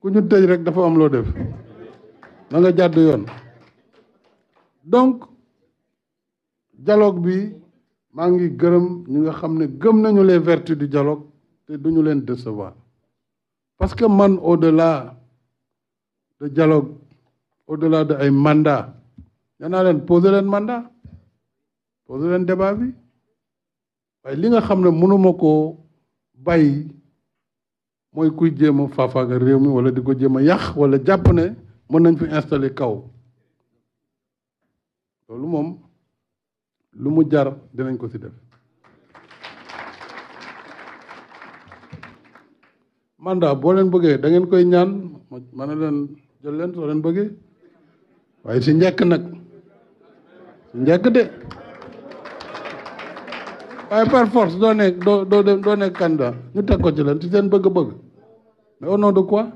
ku ñu tëj rek dafa am loo def na nga jàdd yoon donc dialogue bi maa ngi gërëm ñi nga xam ne gëm nañu les vertus du dialogue te duñu leen décevoir parce que man au-delà de dialogue au-delà de ay mandat nee naa leen poser leen mandat poser leen débat bi waaye li nga xam ne mënuma koo bàyyi mooy kuy jéem a faafaaga réew mi wala di ko jéem a yàq wala jàpp ne mën nañ fi installer kaw loolu moom lu mu jar dinañ ko ci def mandaa boo leen bëggee da ngeen koy ñaan ma ne leen jël leen soo leen bëggee waaye ci njëkk nag ci njëkk de waaye eh, par force doo nekk doo doo doo nekk candidat ñu teg ko ci lan ci seen bëgg-bëgg mais au nom de quoi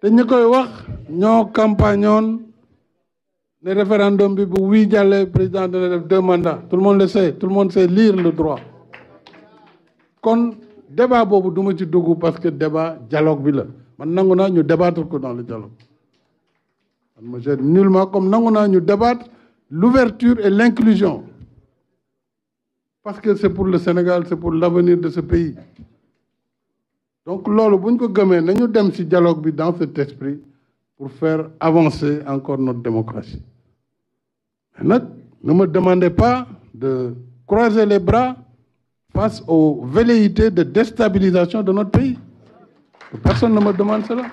te ñi koy wax ñoo campagnoon ne référendum bi bu wii jàllee président dana def deux mandats tout le monde le sait tout le monde sait lire le droit kon débat boobu du ma ci dugg parce que débat dialogue bi la man nangu naa ñu débattre ko dans le dialogue man ma nullement comme nangu naa ñu débattre l'ouverture et l'inclusion parce que c'est pour le Sénégal c'est pour l'avenir de ce pays donc nous le ko dialogue dans cet esprit pour faire avancer encore notre démocratie ne me demandez pas de croiser les bras face aux velléités de déstabilisation de notre pays personne ne me demande cela